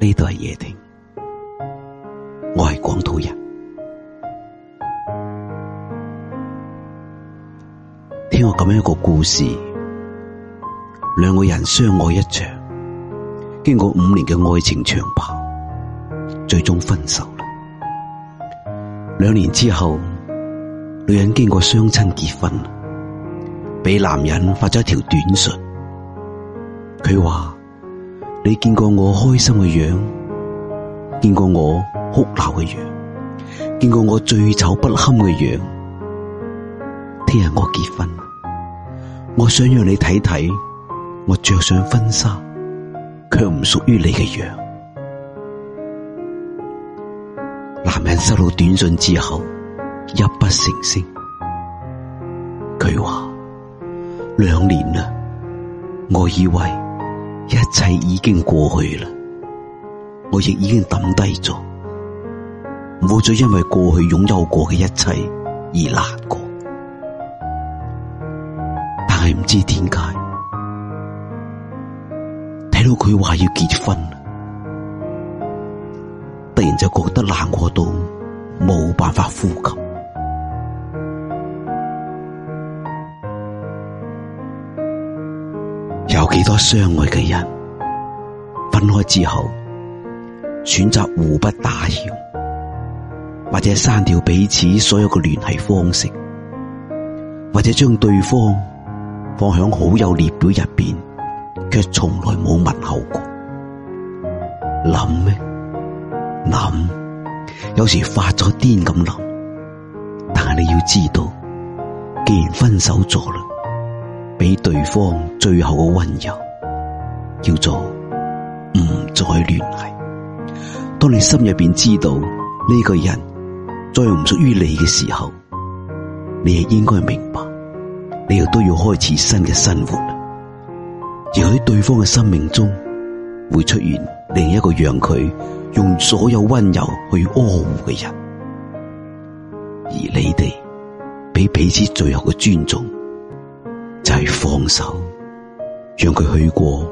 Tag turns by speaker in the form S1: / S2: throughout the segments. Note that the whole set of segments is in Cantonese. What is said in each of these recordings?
S1: 呢度係夜聽，我係廣土人。聽我咁樣一個故事，兩個人相愛一場，經過五年嘅愛情長跑，最終分手了。兩年之後，女人經過相親結婚，俾男人發咗一條短信，佢話。你見過我開心嘅樣，見過我哭鬧嘅樣，見過我最醜不堪嘅樣。聽日我結婚，我想讓你睇睇我着上婚紗，卻唔屬於你嘅樣。男人收到短信之後，泣不成聲，佢話兩年啦，我以為。一切已經過去啦，我亦已經抌低咗，冇再因為過去擁有過嘅一切而難過。但係唔知點解，睇到佢話要結婚，突然就覺得難過到冇辦法呼吸。有幾多相愛嘅人分開之後，選擇互不打擾，或者刪掉彼此所有嘅聯繫方式，或者將對方放響好友列表入邊，卻從來冇問候過。諗咩？諗，有時發咗癲咁諗，但係你要知道，既然分手咗啦。俾對方最後嘅溫柔，叫做唔再聯繫。當你心入邊知道呢、這個人再唔屬於你嘅時候，你亦應該明白，你亦都要開始新嘅生活了。而喺對方嘅生命中，會出現另一個讓佢用所有溫柔去呵護嘅人，而你哋俾彼此最後嘅尊重就係、是。放手，讓佢去過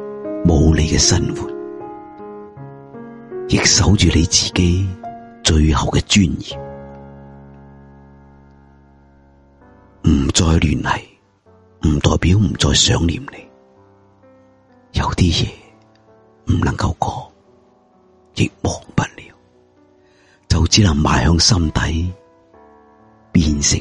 S1: 冇你嘅生活，亦守住你自己最後嘅尊嚴。唔再聯繫，唔代表唔再想念你。有啲嘢唔能夠講，亦忘不了，就只能埋向心底，變成。